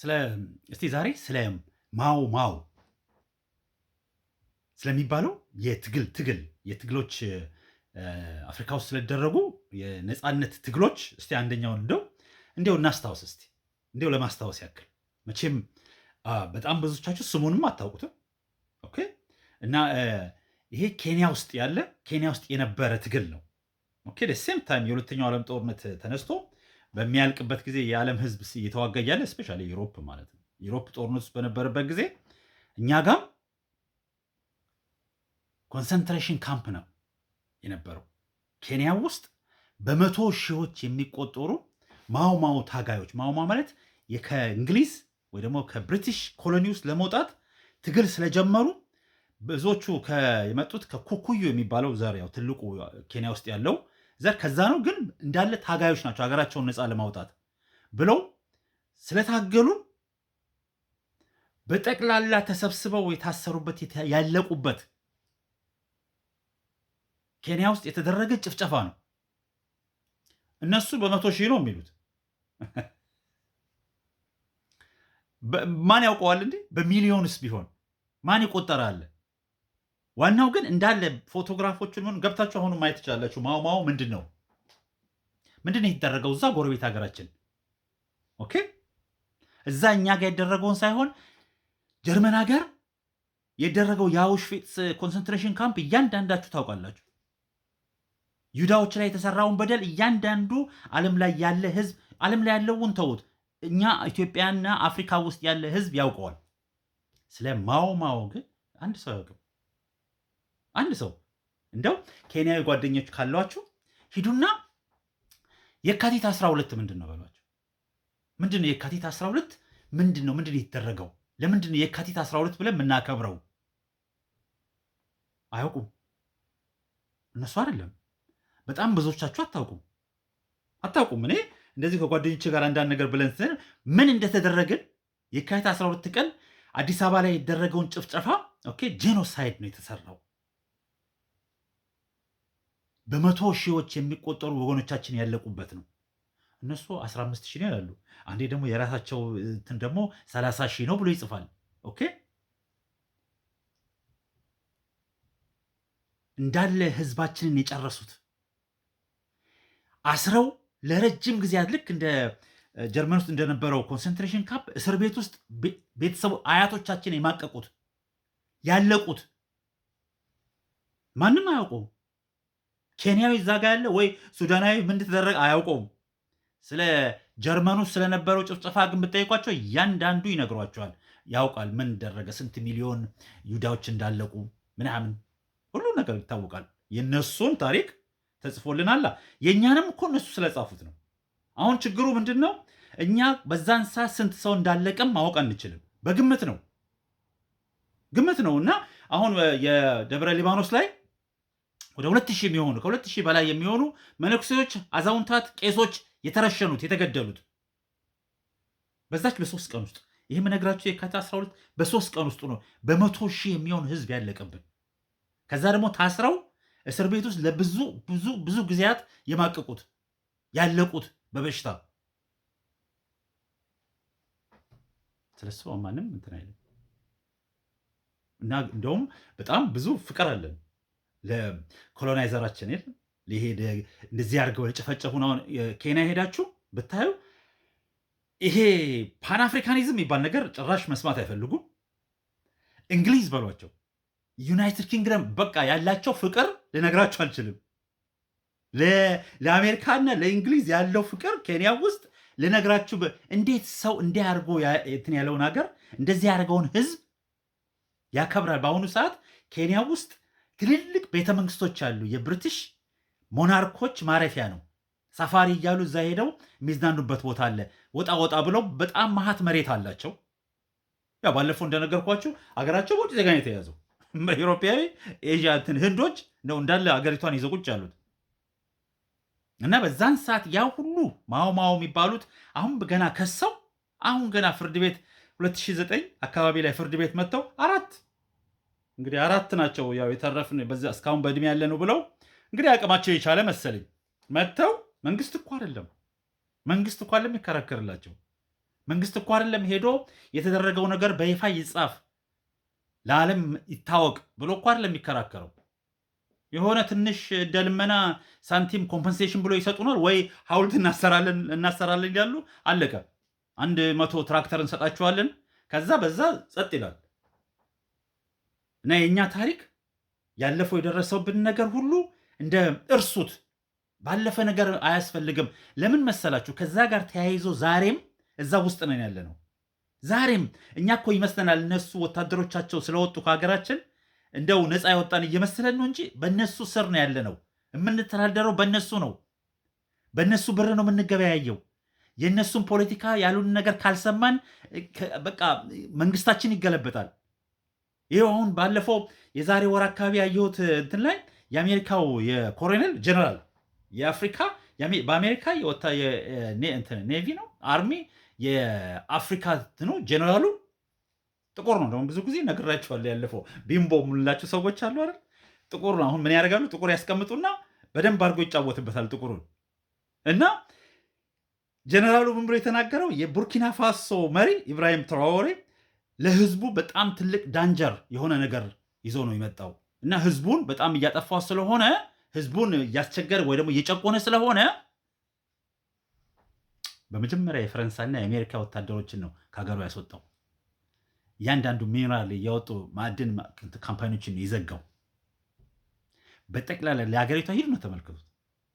ስለ እስቲ ዛሬ ስለ ማው ማው ስለሚባለው የትግል ትግል የትግሎች አፍሪካ ውስጥ ስለደረጉ የነፃነት ትግሎች እስቲ አንደኛውን እንደው እንዲው እናስታውስ እስቲ እንዲው ለማስታወስ ያክል መቼም በጣም ብዙቻችሁ ስሙንም አታውቁትም። ኦኬ እና ይሄ ኬንያ ውስጥ ያለ ኬንያ ውስጥ የነበረ ትግል ነው። ኦኬ ደሴም ታይም የሁለተኛው ዓለም ጦርነት ተነስቶ በሚያልቅበት ጊዜ የዓለም ህዝብ እየተዋጋ እያለ እስፔሻሊ ዩሮፕ ማለት ነው። ዩሮፕ ጦርነት ውስጥ በነበረበት ጊዜ እኛ ጋም ኮንሰንትሬሽን ካምፕ ነው የነበረው። ኬንያ ውስጥ በመቶ ሺዎች የሚቆጠሩ ማውማው ታጋዮች፣ ማውማ ማለት ከእንግሊዝ ወይ ደግሞ ከብሪቲሽ ኮሎኒ ውስጥ ለመውጣት ትግል ስለጀመሩ ብዙዎቹ የመጡት ከኩኩዩ የሚባለው ዘር ያው ትልቁ ኬንያ ውስጥ ያለው ዘር ከዛ ነው። ግን እንዳለ ታጋዮች ናቸው ሀገራቸውን ነፃ ለማውጣት ብለው ስለታገሉ በጠቅላላ ተሰብስበው የታሰሩበት ያለቁበት ኬንያ ውስጥ የተደረገ ጭፍጨፋ ነው። እነሱ በመቶ ሺህ ነው የሚሉት። ማን ያውቀዋል እንዴ? በሚሊዮንስ ቢሆን ማን ይቆጠራል? ዋናው ግን እንዳለ ፎቶግራፎችን ሆኑ ገብታችሁ አሁኑ ማየት ትችላላችሁ። ማው ማው ምንድን ነው ምንድን ነው የተደረገው እዛ ጎረቤት ሀገራችን ኦኬ፣ እዛ እኛ ጋር የደረገውን ሳይሆን ጀርመን ሀገር የደረገው የአውሽቪትስ ኮንሰንትሬሽን ካምፕ እያንዳንዳችሁ ታውቃላችሁ። ይሁዳዎች ላይ የተሰራውን በደል እያንዳንዱ ዓለም ላይ ያለ ህዝብ ዓለም ላይ ያለውን ተውት፣ እኛ ኢትዮጵያና አፍሪካ ውስጥ ያለ ህዝብ ያውቀዋል። ስለ ማው ማው ግን አንድ ሰው ያውቅም። አንድ ሰው እንደው ኬንያዊ ጓደኞች ካሏችሁ ሂዱና የካቲት 12 ምንድን ነው በሏቸው። ምንድን ነው የካቲት 12 ምንድን ነው ምንድን የተደረገው? ለምንድን ነው የካቲት 12 ብለን የምናከብረው? አያውቁም እነሱ አይደለም። በጣም ብዙዎቻችሁ አታውቁም አታውቁም። እኔ እንደዚህ ከጓደኞች ጋር አንዳንድ ነገር ብለን ስን ምን እንደተደረግን የካቲት 12 ቀን አዲስ አበባ ላይ የደረገውን ጭፍጨፋ ኦኬ ጄኖሳይድ ነው የተሰራው በመቶ ሺዎች የሚቆጠሩ ወገኖቻችን ያለቁበት ነው። እነሱ 15 ሺህ ነው ያላሉ። አንዴ ደግሞ የራሳቸው እንትን ደግሞ 30 ሺህ ነው ብሎ ይጽፋል። ኦኬ እንዳለ ህዝባችንን የጨረሱት አስረው ለረጅም ጊዜያት ልክ እንደ ጀርመን ውስጥ እንደነበረው ኮንሰንትሬሽን ካምፕ እስር ቤት ውስጥ ቤተሰቡ አያቶቻችን የማቀቁት ያለቁት ማንም አያውቀውም። ኬንያዊ እዛ ጋ ያለ ወይ ሱዳናዊ ምን እንደተደረገ አያውቀውም። ስለ ጀርመኑ ስለነበረው ጭፍጨፋ ግን ብጠይቋቸው እያንዳንዱ ይነግሯቸዋል፣ ያውቃል ምን እንደደረገ፣ ስንት ሚሊዮን ይሁዳዎች እንዳለቁ ምናምን ሁሉ ነገር ይታወቃል። የነሱን ታሪክ ተጽፎልናላ። የእኛንም እኮ እነሱ ስለጻፉት ነው። አሁን ችግሩ ምንድን ነው? እኛ በዛን ሰዓት ስንት ሰው እንዳለቀም ማወቅ አንችልም። በግምት ነው ግምት ነው እና አሁን የደብረ ሊባኖስ ላይ ወደ 2000 የሚሆኑ ከ2000 በላይ የሚሆኑ መነኩሴዎች፣ አዛውንታት፣ ቄሶች የተረሸኑት የተገደሉት በዛች በሶስት ቀን ውስጥ ይህም ነግራቸው የካቲት 12 በሶስት ቀን ውስጥ ነው በመቶ ሺህ የሚሆን ህዝብ ያለቀብን። ከዛ ደግሞ ታስረው እስር ቤት ውስጥ ለብዙ ብዙ ብዙ ጊዜያት የማቀቁት ያለቁት በበሽታ ስለሰው ማንም እንትን አይልም እና እንደውም በጣም ብዙ ፍቅር አለን ለኮሎናይዘራችን የለም ሊሄድ እንደዚህ አድርገው ለጨፈጨፉ ነው። ኬንያ ሄዳችሁ ብታዩ ይሄ ፓን አፍሪካኒዝም የሚባል ነገር ጭራሽ መስማት አይፈልጉም። እንግሊዝ በሏቸው፣ ዩናይትድ ኪንግደም በቃ ያላቸው ፍቅር ልነግራችሁ አልችልም። ለአሜሪካና ለእንግሊዝ ያለው ፍቅር ኬንያ ውስጥ ልነግራችሁ እንዴት ሰው እንዲህ አድርጎ እንትን ያለውን ሀገር እንደዚህ ያደርገውን ህዝብ ያከብራል። በአሁኑ ሰዓት ኬንያ ውስጥ ትልልቅ ቤተ መንግስቶች አሉ። የብሪቲሽ ሞናርኮች ማረፊያ ነው። ሳፋሪ እያሉ እዛ ሄደው የሚዝናኑበት ቦታ አለ። ወጣ ወጣ ብለው በጣም መሀት መሬት አላቸው። ያው ባለፈው እንደነገርኳችሁ አገራቸው በውጭ ዜጋ የተያዘው በኢሮፓዊ ኤዥያትን ህንዶች ነው እንዳለ አገሪቷን ይዘው ቁጭ ያሉት እና በዛን ሰዓት ያ ሁሉ ማው ማው የሚባሉት አሁን ገና ከሰው አሁን ገና ፍርድ ቤት 2009 አካባቢ ላይ ፍርድ ቤት መጥተው አራት እንግዲህ አራት ናቸው ያው የተረፍን በዚያ እስካሁን በእድሜ ያለ ነው ብለው እንግዲህ አቅማቸው የቻለ መሰለኝ መጥተው መንግስት እኮ አይደለም መንግስት እኮ አይደለም ይከራከርላቸው መንግስት እኮ አይደለም ሄዶ የተደረገው ነገር በይፋ ይጻፍ ለዓለም ይታወቅ ብሎ እኮ አይደለም የሚከራከረው የሆነ ትንሽ ደልመና ሳንቲም ኮምፐንሴሽን ብሎ ይሰጡናል ወይ ሀውልት እናሰራለን ይላሉ አለቀ አንድ መቶ ትራክተር እንሰጣችኋለን ከዛ በዛ ጸጥ ይላል እና የእኛ ታሪክ ያለፈው የደረሰብን ነገር ሁሉ እንደ እርሱት ባለፈ ነገር አያስፈልግም። ለምን መሰላችሁ? ከዛ ጋር ተያይዞ ዛሬም እዛ ውስጥ ነን ያለ ነው። ዛሬም እኛ እኮ ይመስለናል እነሱ ወታደሮቻቸው ስለወጡ ከሀገራችን እንደው ነፃ የወጣን እየመሰለን ነው እንጂ በእነሱ ስር ነው ያለ ነው። የምንተዳደረው በእነሱ ነው። በእነሱ ብር ነው የምንገበያየው። የእነሱን ፖለቲካ ያሉን ነገር ካልሰማን በቃ መንግስታችን ይገለበጣል። ይኸው አሁን ባለፈው የዛሬ ወር አካባቢ ያየሁት እንትን ላይ የአሜሪካው የኮሎኔል ጀነራል የአፍሪካ በአሜሪካ የወታ ኔቪ ነው አርሚ የአፍሪካ እንትኑ ጀነራሉ ጥቁር ነው። ደግሞ ብዙ ጊዜ ነግራችኋለሁ። ያለፈው ቢምቦ የምንላቸው ሰዎች አሉ አይደል? ጥቁር ነው። አሁን ምን ያደርጋሉ? ጥቁር ያስቀምጡና በደንብ አድርጎ ይጫወትበታል ጥቁሩን። እና ጀነራሉ ምን ብሎ የተናገረው የቡርኪና ፋሶ መሪ ኢብራሂም ትራወሬ ለህዝቡ በጣም ትልቅ ዳንጀር የሆነ ነገር ይዞ ነው የመጣው እና ህዝቡን በጣም እያጠፋ ስለሆነ ህዝቡን እያስቸገረ ወይ ደግሞ እየጨቆነ ስለሆነ በመጀመሪያ የፈረንሳይና የአሜሪካ ወታደሮችን ነው ከሀገሩ ያስወጣው። እያንዳንዱ ሚኒራል እያወጡ ማዕድን ካምፓኒዎችን ይዘጋው። በጠቅላላ ለሀገሪቷ ሂዱ ነው ተመልከቱት፣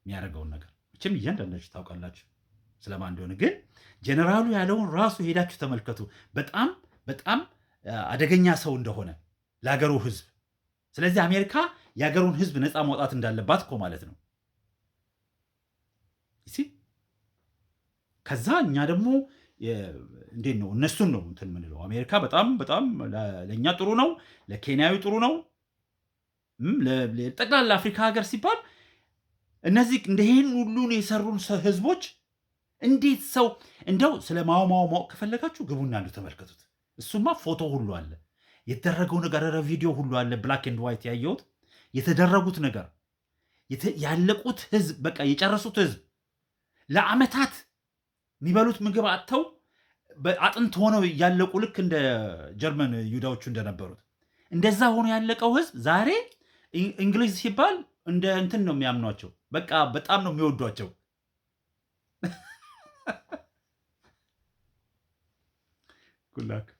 የሚያደርገውን ነገር መቼም እያንዳንዳችሁ ታውቃላችሁ ስለማን እንደሆነ። ግን ጀነራሉ ያለውን ራሱ ሄዳችሁ ተመልከቱ። በጣም በጣም አደገኛ ሰው እንደሆነ ለሀገሩ ህዝብ። ስለዚህ አሜሪካ የሀገሩን ህዝብ ነፃ ማውጣት እንዳለባት እኮ ማለት ነው። ከዛ እኛ ደግሞ እንዴት ነው እነሱን ነው እንትን ምንለው አሜሪካ በጣም በጣም ለእኛ ጥሩ ነው፣ ለኬንያዊ ጥሩ ነው፣ ጠቅላላ አፍሪካ ሀገር ሲባል እነዚህ እንደይህን ሁሉን የሰሩን ህዝቦች እንዴት ሰው እንደው ስለ ማው ማው ማወቅ ከፈለጋችሁ ግቡና እንዱ ተመልከቱት። እሱማ ፎቶ ሁሉ አለ፣ የተደረገው ነገር ኧረ ቪዲዮ ሁሉ አለ። ብላክ ኤንድ ዋይት ያየሁት የተደረጉት ነገር ያለቁት ህዝብ በቃ የጨረሱት ህዝብ ለአመታት የሚበሉት ምግብ አጥተው አጥንት ሆነው ያለቁ ልክ እንደ ጀርመን ይሁዳዎቹ እንደነበሩት እንደዛ ሆኖ ያለቀው ህዝብ ዛሬ እንግሊዝ ሲባል እንደ እንትን ነው የሚያምኗቸው። በቃ በጣም ነው የሚወዷቸው። ላክ